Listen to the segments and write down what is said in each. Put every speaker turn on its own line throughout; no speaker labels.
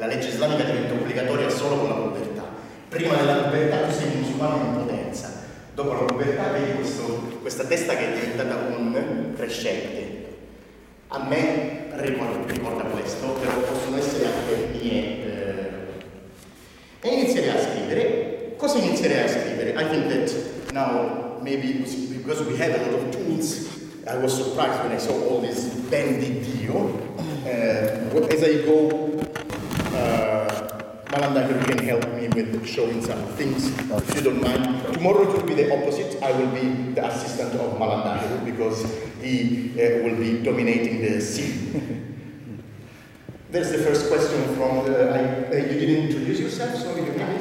la legge islamica diventa obbligatoria solo con la pubertà.
Prima della pubertà tu sei
musulmano in potenza, dopo la pubertà vedi questo, questa testa che è diventata un crescente. A me ricorda, ricorda questo, però possono essere anche mie. Eh. E inizierei a scrivere. Cosa inizierei a scrivere? I think that now maybe because we have a lot of tools, I was surprised when I saw all this bandit deal. Uh, as I go Malanda who can help me with showing some things, if you don't mind. Tomorrow it will be the opposite. I will be the assistant of Malanda because he uh, will be dominating the scene. There's the first question from the. Uh, I, uh, you didn't introduce yourself, so you can.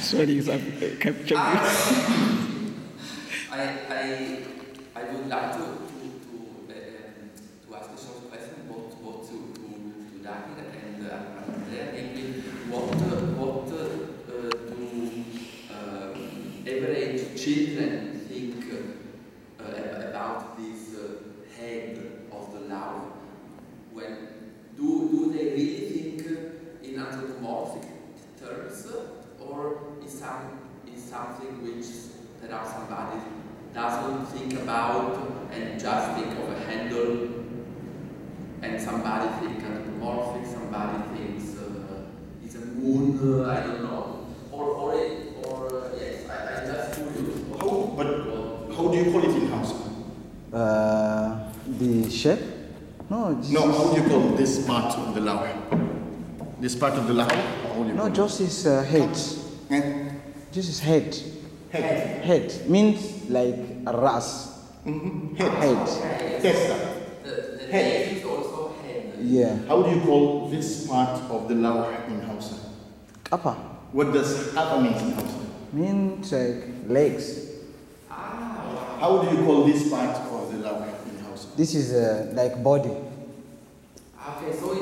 Sorry, i
I, I, I would like to in which there are somebody doesn't think about and just think of a handle and somebody thinks anthropomorphic, somebody thinks uh, it's a moon, uh, I don't know. Or, or, it, or uh, yes, I, I just curious. How, but how do you call it in house?
Uh, the shape? No, no, how do you call this
part of the lower? This part of the lower?
No, just his uh, head. And This is head. Head. Head means like a ras. Mm-hmm. Head. Head. Yes, The, the head. is also head. Yeah.
How do you call this part of the lower in Hausa? Kappa. What does kappa mean in Hausa?
Means like legs.
Ah. How do you call this part of the lower in Hausa?
This is uh, like body.
Okay, so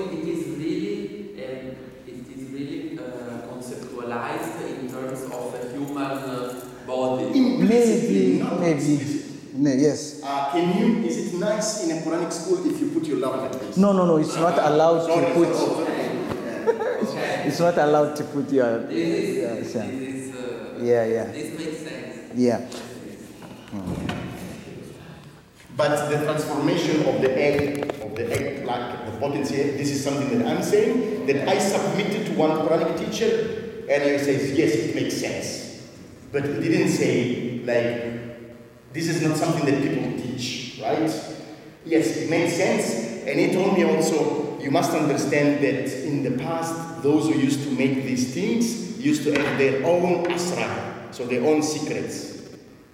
Maybe,
No, yes.
Uh, can you? Is it nice in a Quranic school if you put your love like this?
No, no, no. It's not allowed to put. it's not allowed to put your. yeah, uh, yeah, yeah. This makes sense.
Yeah. But the transformation of the egg, of the egg like the potency, this is something that I'm saying, that I submitted to one Quranic teacher, and he says, yes, it makes sense. But he didn't say, like, this is not something that people teach, right? Yes, it makes sense, and he told me also you must understand that in the past, those who used to make these things used to have their own asra, so their own secrets.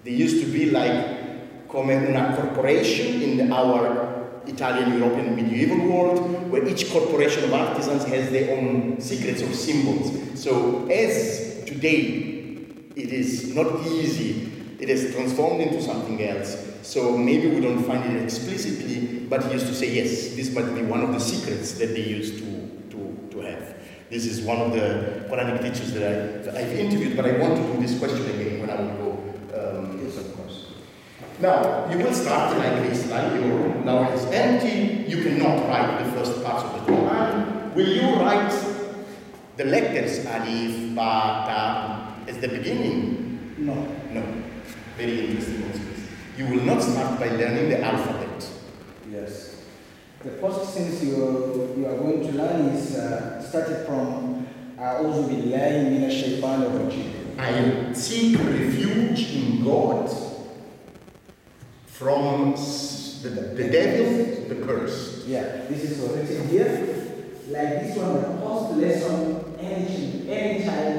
They used to be like come a corporation in our Italian, European, medieval world, where each corporation of artisans has their own secrets or symbols. So as today, it is not easy it is transformed into something else. So maybe we don't find it explicitly, but he used to say, yes, this might be one of the secrets that they used to, to, to have. This is one of the Quranic teachers that, I, have interviewed, but I want to do this question again when I will go. Um, yes, of course. Now, you will start like this, like your now is empty, you cannot write the first parts of the Quran. Will you write the letters Alif, Ba, Ta as the beginning? No. No very interesting also. You will not start by learning the alphabet. Yes.
The first things you, you are going to learn is uh, started from أعوذ uh, بالله
I seek refuge in God from the, the devil, the curse.
Yeah, this is what already here. Like this one, the first lesson any, any child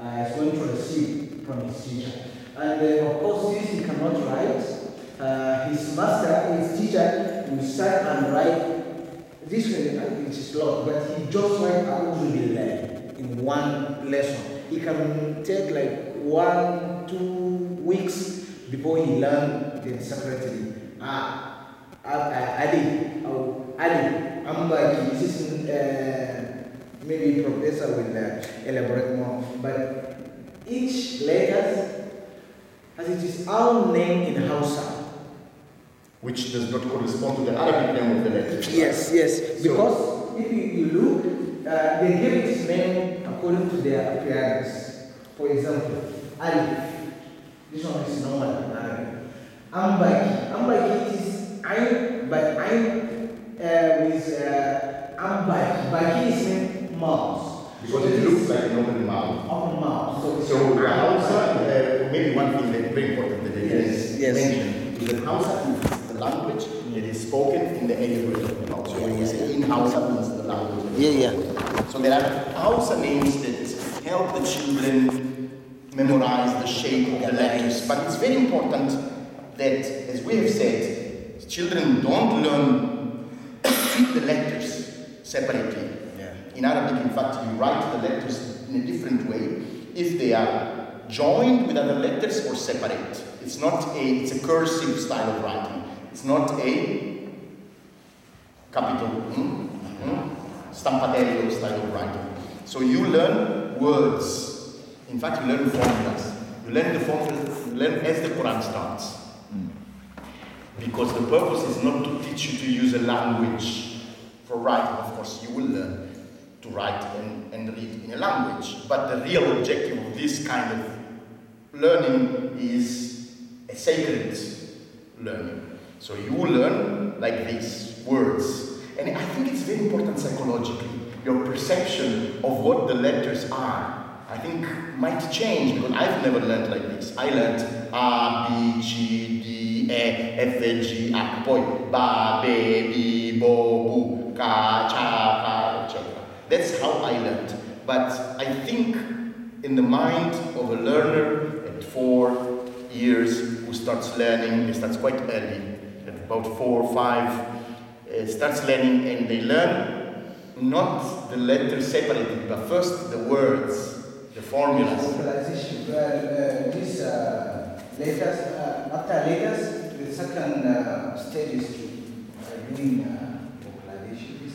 uh, is going to receive from his teacher. And uh, of course, since he cannot write, uh, his master, his teacher, will can and write this way, it is long, but he just write how to be learned in one lesson. He can take like one, two weeks before he learn the secretary. Ah, ah, ah, Ali, oh, Ali, Ambaki, this is uh, maybe professor will uh, elaborate more, but each letters as its our name in Hausa.
Which does not correspond to the Arabic name of the language. Yes, yes. Because so, if
you, you look, uh, they give its name according to their appearance. For example, Alif. This one is normal in Arabic. Ambaki. Ambaki is Ain, but Ain uh, with uh, Ambaki. Baki is meant mouth. Because so it looks like an open mouth. Open mouth.
So, so Hausa maybe one thing that very important that I yes. yes. mentioned is that Hausa is the language that is spoken in the area of Hausa. So when you say in Hausa means the language. Yeah, yeah. So there are Hausa names that help the children memorize the shape of the letters. But it's very important that, as we have said, children don't learn the letters separately. Yeah. In Arabic, in fact, you write the letters in a different way if they are joined with other letters or separate. It's not a, it's a cursive style of writing. It's not a capital mm, mm, style of writing. So you learn words. In fact, you learn formulas. You learn the formulas, you learn as the Quran starts. Mm. Because the purpose is not to teach you to use a language for writing. Of course, you will learn to write and, and read in a language. But the real objective of this kind of learning is a sacred learning. So you learn like these words. And I think it's very important psychologically. Your perception of what the letters are, I think, might change because I've never learned like this. I learned A, B, G, D, E, F, G, A, boy, Ba, Be, Bi, Bo, Bu, Ka, Cha, Ka, etc. That's how I learned. But I think in the mind of a learner, four years who starts learning, starts quite early, at about four or five, uh, starts learning and they learn not the letters separately, but first the words, the formulas. Vocalization, well, uh, these uh, letters,
uh, after letters, the second uh, stage is reading uh, vocalizations.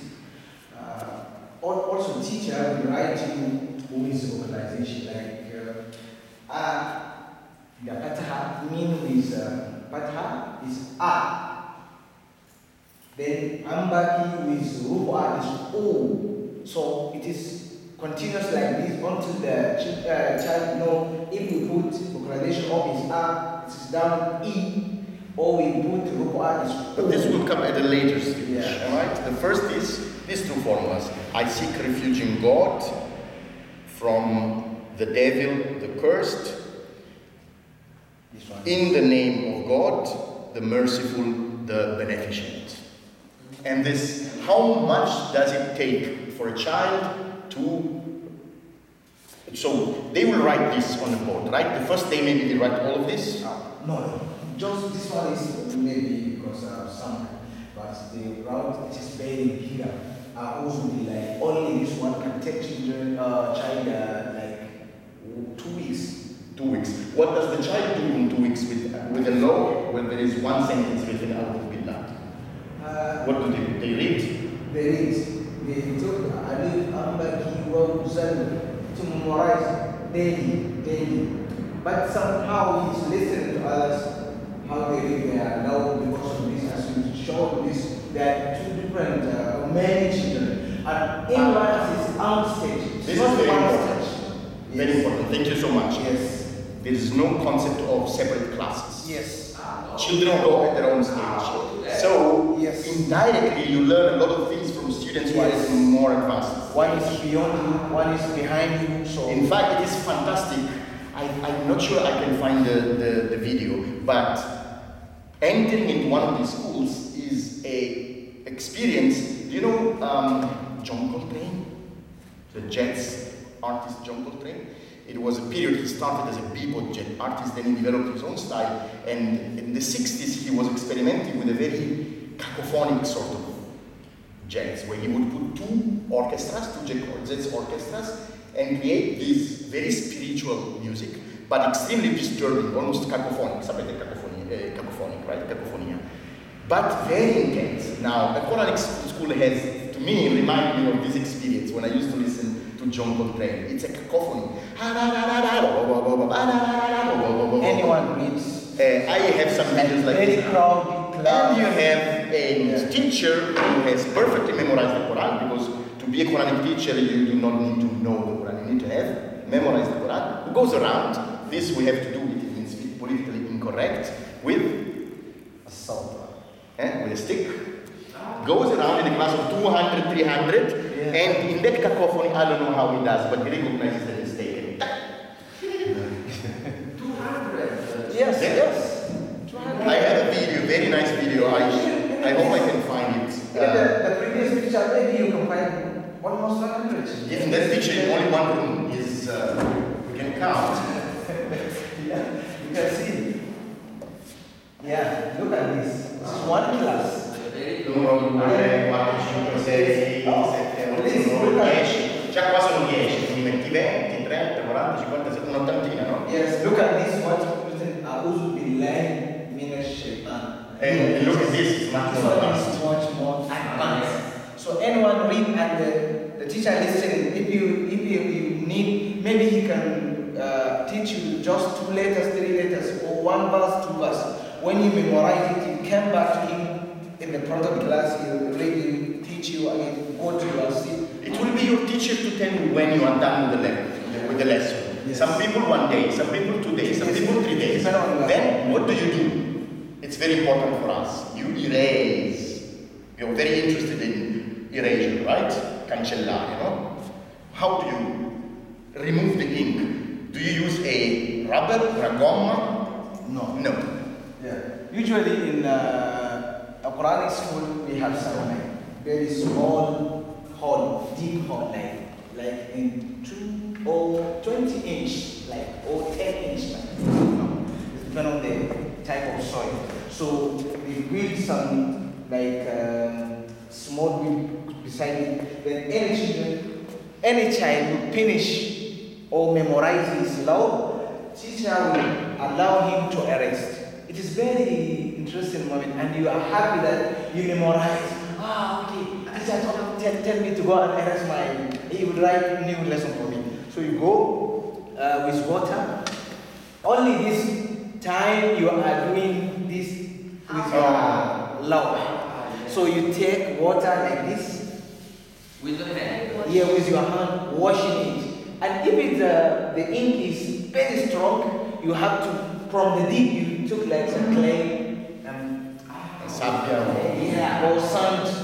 Uh, uh also, teacher will write you with vocalization, like uh, uh the patha mean is uh, is a. Then ambaki with ruwa is o. So it is continuous like this until the ch- uh, child know if we put vocalization of is a, it is down e. Or
we put ruwa is o. This will come at a later stage. Yeah. All right. The first is these two formulas. I seek refuge in God from the devil, the cursed in the name of God, the merciful, the beneficent. And this, how much does it take for a child to? So they will write this on the board, right? The first day, maybe they write all of this. Uh,
no, just this one is maybe because uh, some, but the route it is very here are
also the What does the child do in two weeks with, with a law when there is one sentence written out of Billah? Uh, what do they They read? They read. They took Alif,
Amba, Kiwa, Uzal to memorize daily, daily. But somehow he's listening to others how they read their law because of this, as we showed this, there are two different, uh, many children. are in one is own stage,
this is very important. Yes. Very important. Thank you so much. Yes there is no concept of separate classes. Yes. Children grow at their own stage. So yes. indirectly, you learn a lot of things from students who are more advanced. What is beyond you, What is behind you. So in fact, it is fantastic. I, am not sure I can find the, the, the video, but entering into one of these schools is a experience. You know, um, John Coltrane, the jazz artist John Coltrane it was a period he started as a bebop jet artist, then he developed his own style. And in the 60s, he was experimenting with a very cacophonic sort of jazz, where he would put two orchestras, two jazz orchestras, and create this very spiritual music, but extremely disturbing, almost cacophonic, Something cacophonic, uh, eh, cacophonic, right, cacophonia. But very intense. Now, the choral school has, to me, reminded me of this experience when I used to listen to John Coltrane. It's a cacophony. Anyone reads. Uh, I have some videos like very this. Crowded, and you have a yeah. teacher who has perfectly memorized the Quran because to be a Quranic teacher, you do not need to know the Quran. You need to have memorized the Quran. Who goes around? This we have to do it. It's politically incorrect with a salta, eh? with a stick. Goes around in a class of 200, 300 and in that cacophony, I don't know how he does, but he recognizes the mistake. 200. Yes, yes. 200. I have a video, very nice video. I, I hope I can find it. Uh, the, the, previous picture, maybe you can find almost 100. in that picture,
only one room is, uh, we can count. yeah, you can see. Yeah, look at this. This is one class. Very good
bank can rent a veranda, she went to sit Yes, look at this, what written, A'udhu Billahi Minash Shaitan. And look at this, it's much more advanced. So much more
advanced. So anyone read and the, the teacher listening, if you, if you, you need, maybe he can uh, teach you just two letters, three letters, or one verse, two
verse. When you memorize it, you come back to him in the program class, he'll read you,
teach you, and go to
your seat will be your teacher to tell you when you are done with the, with the lesson. Yes. Some people one day, some people two days, some people three days. Then what do you do? It's very important for us. You erase. You're very interested in erasure, right? Cancellare, you know? How do you remove the ink? Do you use a rubber or a gomma? No. No. Yeah. Usually
in uh, a Quranic school we have some very small hole, deep hole, like like in two or 20 inch, like or 10 inch, like depending on the type of soil. So we build some like um, small build beside it. Then any children, any child will finish or memorize his law. Teacher will allow him to arrest. It is very interesting moment, and you are happy that you memorize. Ah, teacher tell, tell me to go and erase my, he would write new lesson for me. So you go uh, with water. Only this time you are doing this with ah. your love. So you take water like this. With your hand? Yeah, with your hand, washing it. And if uh, the ink is very strong, you have to, from the deep, you took like
some clay and, and ah. Yeah, or sand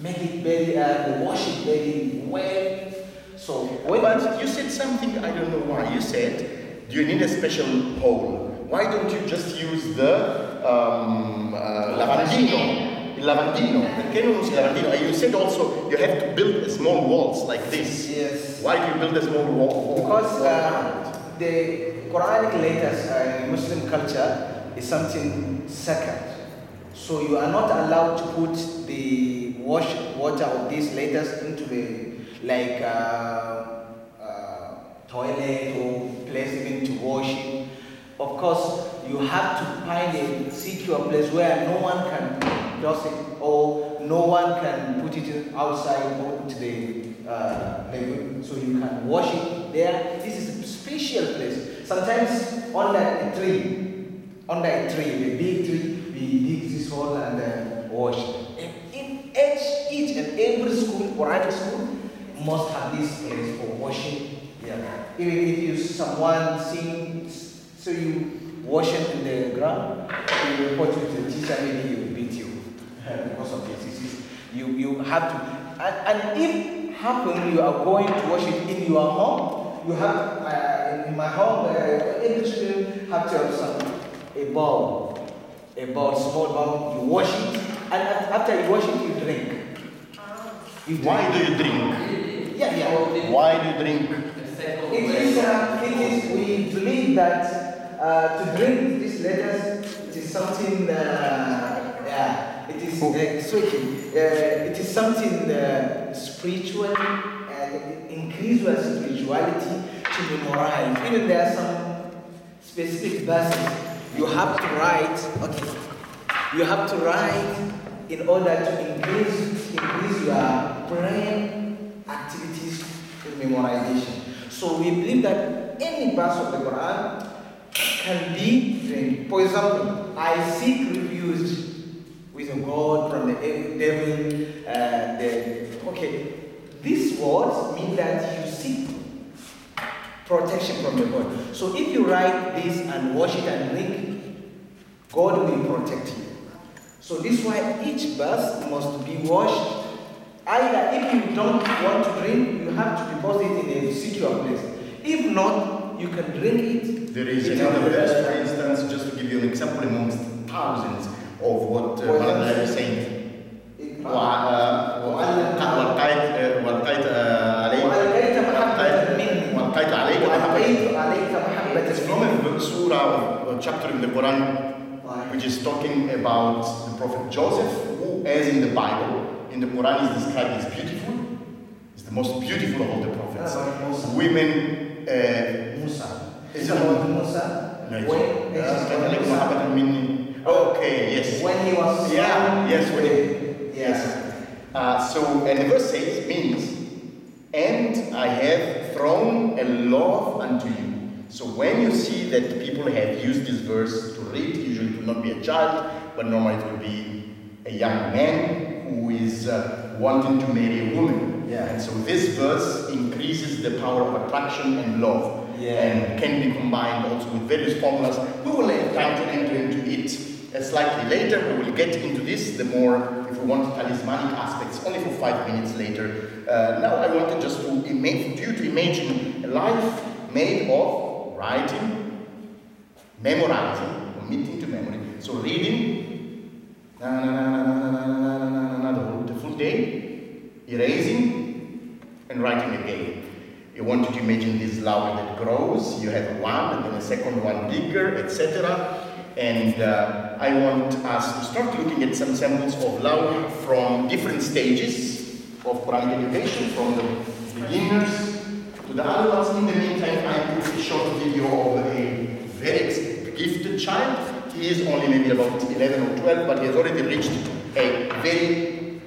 make it very, uh, wash it very well. So when but you said something, I don't know why. You said, do you need a special hole? Why don't you just use the um, uh, lavandino? Lavandino, the lavandino. And you said also you have to build a small walls like this. Yes. Why do you build a small wall? Because uh,
the Quranic letters uh, in Muslim culture is something sacred. So you are not allowed to put the wash water of these letters into the like uh, uh, toilet or place even to wash it. Of course, you have to find a secure place where no one can dust it or no one can put it outside or to the uh, So you can wash it there. This is a special place. Sometimes under a tree, under a tree, a big tree, we dig this hole and then wash each, each and every school, Oriental school, must have this place for washing. Yeah. Even if you someone sings, so you wash it in the ground, you report it to the teacher, maybe he will beat you because of this. You, you have to, and, and if happen you are going to wash it in your home, you have, uh, in my home, uh, every student have to have some, a bowl, a bowl, small
bowl, you wash
it, and after you wash it, you drink.
Why do you drink? Yeah, yeah. Why do you drink? It is, uh, it is we believe
that uh, to drink these letters it is something, uh, yeah, it is, uh, switching. Uh, it is something uh, spiritual, and increase your spirituality to memorize. Even there are some specific verses you have to write, okay, you have to write in order to increase, increase your brain activities in memorization. So we believe that any verse of the Quran can be trained. For example, I seek refuge with God from the devil. And uh, the, okay, these words mean that you seek protection from the God. So if you write this and wash it and drink, God will protect you. So this is why each bus must be washed. Either if you don't want to drink, you have to deposit it in a secure place. If not, you can
drink it. There is another verse, for instance, just to give you an example amongst thousands of what uh, is saying. It's from a surah, uh, chapter in the Quran which is talking about the prophet Joseph, who, as in the Bible, in the Quran, is described as beautiful. He's the most beautiful of all the prophets. Women. Uh, Musa. Is it about Musa? No, it's when, it's Okay, yes. When he was. Yeah, yes, when he. Yeah. Yes. Uh, so, and the verse says, means, and I have thrown a love unto you so when you see that people have used this verse to read, usually it will not be a child, but normally it will be a young man who is uh, wanting to marry a woman. Yeah. And so this verse increases the power of attraction and love. Yeah. And can be combined also with various formulas. We will have time to enter into it uh, slightly later. We will get into this, the more, if we want, talismanic aspects, only for five minutes later. Uh, now I wanted just to ima- you to imagine a life made of writing, memorizing, committing to memory. So reading, na na na na na na na na na the whole full day, erasing, and writing again. You want to imagine this flower that grows. You have one, and then a second one bigger, etc. And uh, I want us to start looking at some samples of flower from different stages of primary education, from the beginners the other one's in the meantime, I put a short video of a very gifted child. He is only maybe about 11 or 12, but he has already reached a very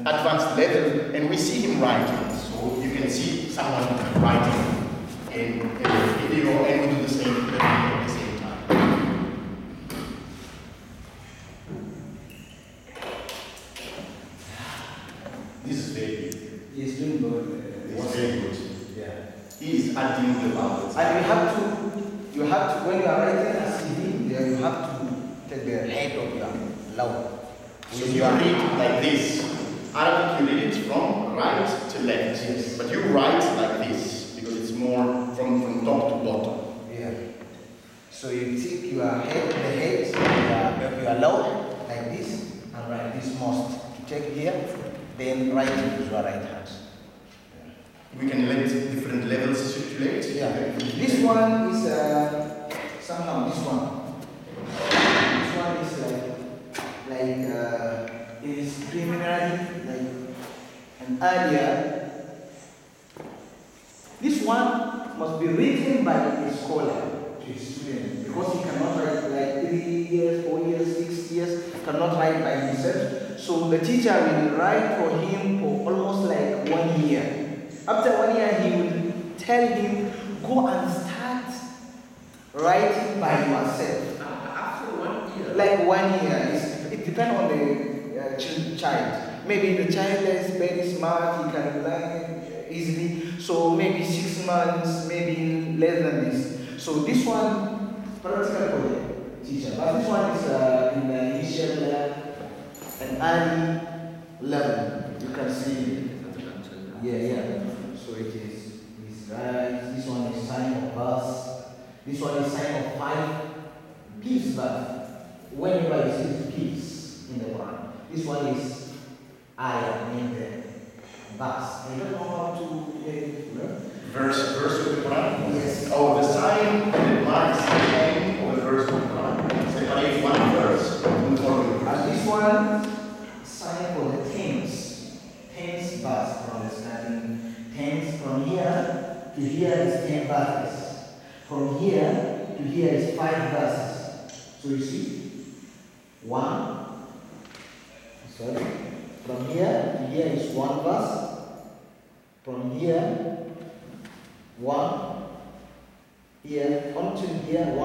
advanced level, and we see him writing. So you can see someone writing in a video, and we do the same. And you have to, you have to, when you are writing a CD, then you have to take the head of your law. So you read like this. Arabic, you read it from right to left. Yes. But you write like this because it's more
from, from top to bottom. Yeah. So you take your head, the head of your, your like this, and write this most. You take here, then write it with
your right Plate? Yeah. This one is
uh, somehow this one. This one is like like uh, it is preliminary like an idea. This one must be written by a scholar. Because he cannot write like three years, four years, six years, cannot write by himself. So the teacher will write for him for almost like one year. After one year, he will tell him, go and start writing by yourself. After one year. Like one year. It's, it depends on the uh, ch- child. Maybe the child is very smart, he can learn easily. So maybe six months, maybe less than this. So this one, practical teacher. But this one is uh, in the initial uh, and early level. You can see. Yeah, yeah. So it is rise. This one is sign of birth. This one is sign of five. Peace birth. Whenever you see peace in the Quran, this one is I am in the bus. I don't know how to make it. Verse, verse of the Quran? Yes. Oh, the sign that marks the to here is 10 buses. From here to here is 5 buses. So you see, 1, sorry, from here to here is 1 bus. From here, 1, here, to here, 1.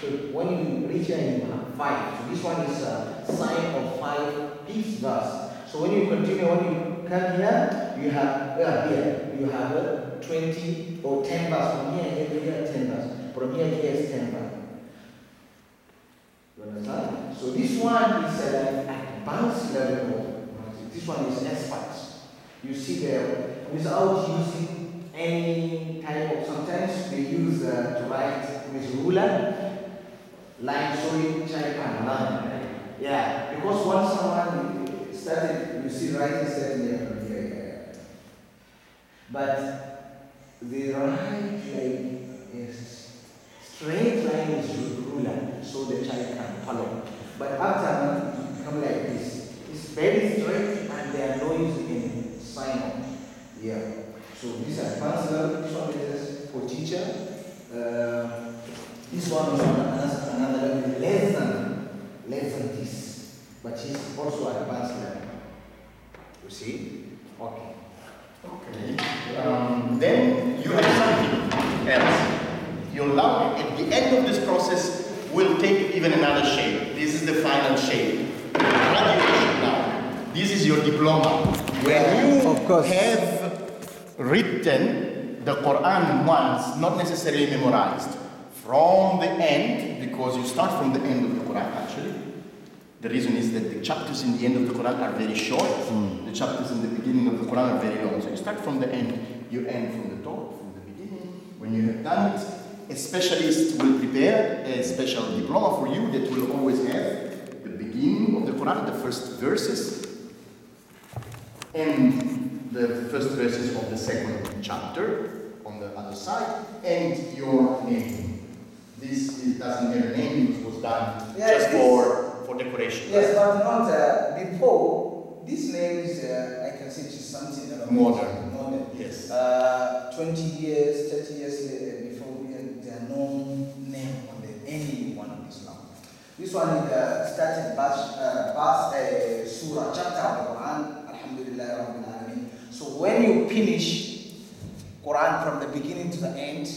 So when you reach here, you have 5. So this one is a sign of 5 peace bus. So when you continue, when you come here, you have, well, here, you have uh, 20 or 10 bars. From here, here, here, 10 bars. From here, here is 10 bars. You understand? So this one is an uh, advanced level of This one is experts. You see there, without using any type of, sometimes they use uh, to write with ruler, like showing Chaipan line. Yeah, because once someone started, you see writing certain but the right leg
memorized from the end, because you start from the end of the Quran actually. The reason is that the chapters in the end of the Quran are very short, mm. the chapters in the beginning of the Quran are very long. So you start from the end, you end from the top, from the beginning. When you have done it, a specialist will prepare a special diploma for you that will always have the beginning of the Quran, the first verses, and the first verses of the second chapter, on the other side and your name. This is, doesn't have a name, it was done yeah, just for, for decoration. Yes, but not uh, before. This name is, uh, I
can say, it's something that modern. modern. Yes. Uh, 20 years, 30 years before, there are no name on the, any one of Islam. This one is uh, started Bas, uh, Bas uh, Surah chapter of Quran, Alhamdulillah. Rabbil So when you finish, from the beginning to the end.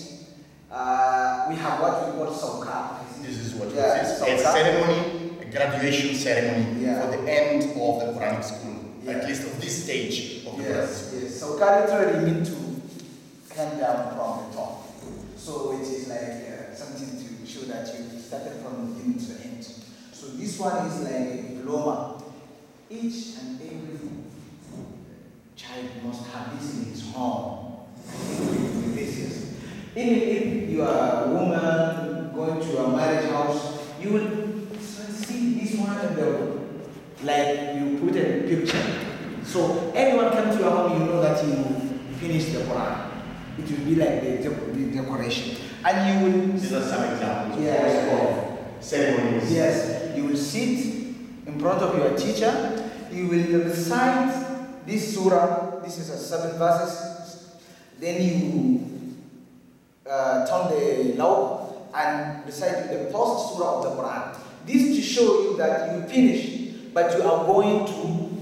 Uh, we have what we
call Sawka. This is what yeah, it is. It's a ceremony, a graduation ceremony yeah. for the end of the Quranic school, yeah. at least of this stage of the yes, school. Yes, literally means to come down from the top. So it
is like uh, something to show that you started from the beginning to the end. So this one is like a diploma. Each and every child must have this in his home. Even if you are a woman going to a marriage house, you will see this one and the like you put a picture. So anyone comes to your home, you know that you finish the Quran. It will be like the, the decoration. And you will. These are some examples Yes. of ceremonies. Yes. You will sit in front of your teacher. You will recite this surah. This is a seven verses. Then you uh, turn the law and recite the first surah of the Quran. This to show you that you finish, but you are going to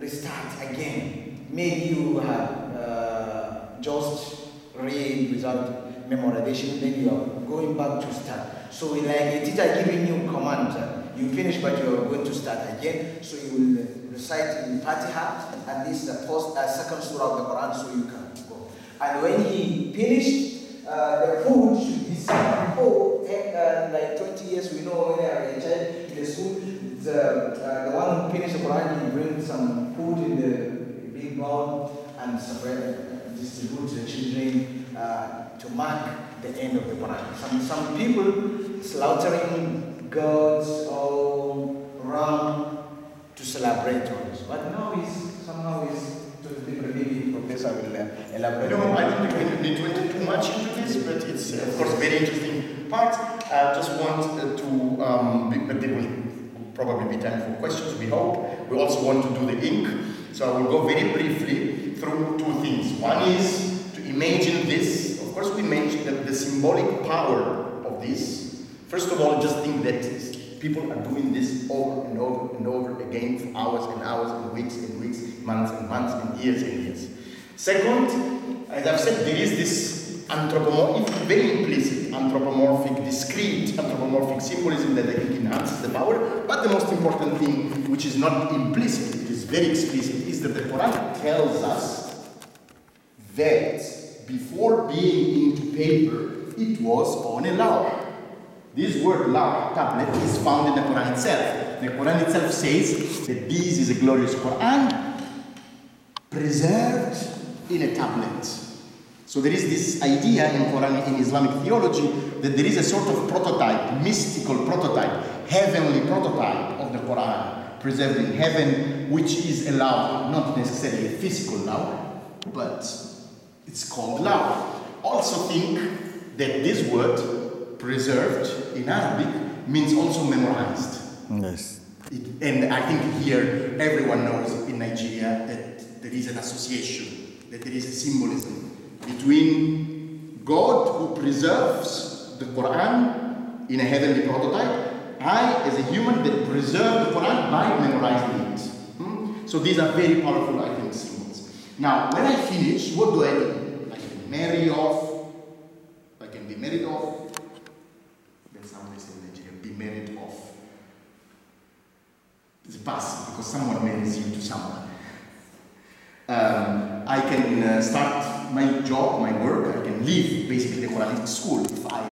restart again. Maybe you have uh, just read without memorization, then you are going back to start. So like a teacher giving you command, uh, you finish but you are going to start again, so you will in Fatiha, and this is the post, uh, second surah of the Quran, so you can go. And when he finished, uh, the food should be served before, oh, eh, uh, like 20 years, we know when I are a child, the food, the, uh, the one who finished the Quran, he brings some food in the big bowl and distribute to the children uh, to mark the end of the Quran. Some, some people slaughtering goats or ram elaborate But now is somehow is totally maybe
Professor will uh, elaborate. No, I don't think we need to enter too much into this, but it's uh, of course very interesting part. I just want uh, to, um, be, but there will probably be time for questions. We hope. We also want to do the ink, so I will go very briefly through two things. One is to imagine this. Of course, we mentioned that the symbolic power of this. First of all, just think that People are doing this over and over and over again for hours and hours and weeks and weeks, months and months and years and years. Second, as I've said, there is this anthropomorphic, very implicit anthropomorphic, discrete anthropomorphic symbolism that I think enhances the power. But the most important thing, which is not implicit, it is very explicit, is that the Quran tells us that before being into paper, it was on a law. This word law tablet is found in the Quran itself. The Quran itself says that this is a glorious Quran preserved in a tablet. So there is this idea in Quran in Islamic theology that there is a sort of prototype, mystical prototype, heavenly prototype of the Quran preserved in heaven, which is a law, not necessarily a physical law, but it's called law. Also think that this word preserved in Arabic means also memorized. Yes. It, and I think here everyone knows in Nigeria that there is an association, that there is a symbolism between God who preserves the Quran in a heavenly prototype, I as a human that preserve the Quran by memorizing it. Hmm? So these are very powerful, I think, symbols. Now, when I finish, what do I do? I can marry off, I can be married off, in Nigeria be married off. It's past because someone marries you to someone. Um, I can uh, start my job, my work, I can leave basically the Quranic
school if I